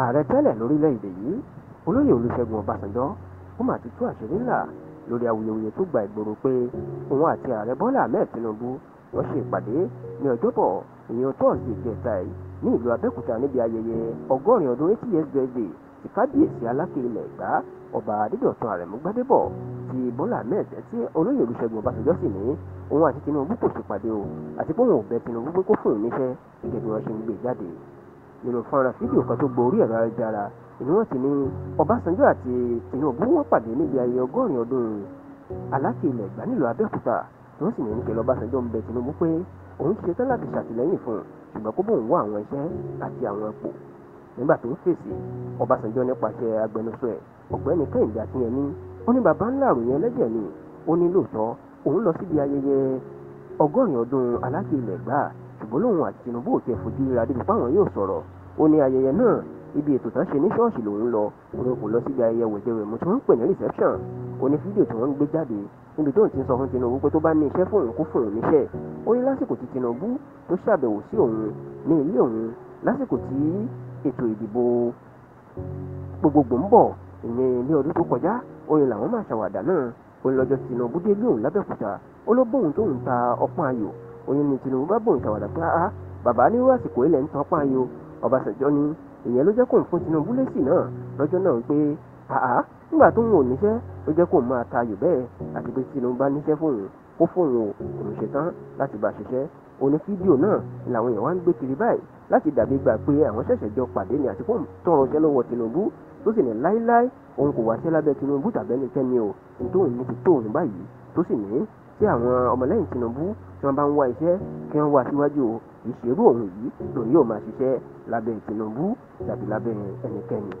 ààrẹ tẹ́lẹ̀ lórílẹ̀‐èdè yìí olóyè olùṣègùn ọbásanjọ́ ó mà ti tú àṣírí ńlá lórí awuyewuye tó gba ìgboro pé òun àti ààrẹ bọ́lá ahmed tinubu wọ́n ṣe ìpàdé ní ọjọ́bọ̀ ìyẹn tọ́ọ̀sì ìkẹta yìí ní ìlú abẹ́òkúta níbi ayẹyẹ ọgọ́rin ọdún eighty years birthday ti kábíyèsí aláké ilẹ̀ ìgbà ọba adédọ̀tun àrẹ̀mú gbádébọ̀ ti bọ́lá ahmed tí olóyè olùṣègùn ọbásanjọ́ sì ní òun àti tinubu kò ṣèpàdé o àti pé òun ò bẹ tinubu pé kó fún òun níṣẹ́ gẹ́gẹ́ bí wọ́n ṣe ń gbé jáde nínú fọ́nrán fídíò kan tó gborí ẹ̀rọ ayélujára ìní wọn ti ní Ọbásanjọ́ àti Tinubu wọn pàdé níbi ayẹyẹ ọgọ́rin ọdún Aláàfin ilẹ̀ Ẹ̀gbá nílùú Abẹ́òkúta tí wọ́n sì ní níkẹ́ lọ́básanjọ́ ń bẹ Tinubu pé òun ti ṣetán láti ṣàtìlẹ́yìn fún un ṣùgbọ́n kó bóun wá àwọn iṣẹ́ àti àwọn ipò nígbà tó ń fèsì Ọbásanjọ́ nípasẹ̀ agbẹnusọ ẹ̀ ọ̀gbẹ́ni Kẹ́hìndé Akínyẹmí ó ní baba ńlá àròyìn ẹlẹ́jẹ̀ ni ó ní lóòótọ́ òun lọ síbi ayẹyẹ ọgọ́rin ọdún Aláàfin ilẹ̀ Ẹ̀gbá ṣùgbọ́n lòun àti Tinubu ò tiẹ̀ fojú ríra débi páwọn yóò sọ̀rọ̀ ó ní ayẹyẹ náà ibi ètò tán ṣe ní ṣọ́ọ̀ṣì lòun lọ òun kò lọ síbi ayẹyẹ wẹ̀jẹwẹ̀mu tí wọ́n ń pè ní reception ó ní fídíò tí wọ́n ń gbé jáde níbi tóun ti ń sọ fún Tinubu pé tó bá ní iṣẹ́ fún òun kó fún òun níṣẹ́ ó ní lásìkò tí Tinubu tó ṣàbẹ̀wò sí òun ní ilé òun lásìkò tí ètò ìdìbò gbogbogbò ń bọ̀ ìyẹn ní ọdún tó kọjá ó ní làwọn máa ṣàwàdà náà ó ní lọ́jọ́ Tinubu dé lóun lábẹ́òkúta ó ló bóun tóun ta ọpọ́n ayò ó ní Tinubu bá bóun ṣàwàdà pé ah bàbá ní wàásìkò ilẹ̀ ń tọ́pọ́n ayò Ọbásanjọ́ ní ìyẹn ló jẹ́ kóun fún Tinubu lésì náà lọ́jọ́ náà wípé àá nígbà tóun ò níṣẹ́ ló jẹ́ kóun máa tayò bẹ́ẹ̀ àti pé Tinubu bá níṣẹ́ fóun ó fóun ò òun ṣetán láti bá ṣiṣẹ́ òní fídíò náà làwọn èèyàn wá ń gbé kiri báyìí láti dàbí gbà pé àwọn ṣẹ̀ṣẹ̀ jọ pàdé ni àti fóun tọrọ iṣẹ́ lọ́wọ́ Tinubu tó sì ní láíláí òun kò wáṣẹ́ lábẹ́ Tinubu tàbẹ́nikẹ́ni o tóun ní ti tóun báyìí tó sì ní tí àwọn ọmọlẹ́yìn Tinubu tí wọ́n bá ń wá iṣẹ́ tí wọ́n wá síwájú o ìṣerú òun yìí lòun yóò máa ṣiṣẹ́ lábẹ́ Tinubu tàbí lábẹ́ ẹnikẹ́ni.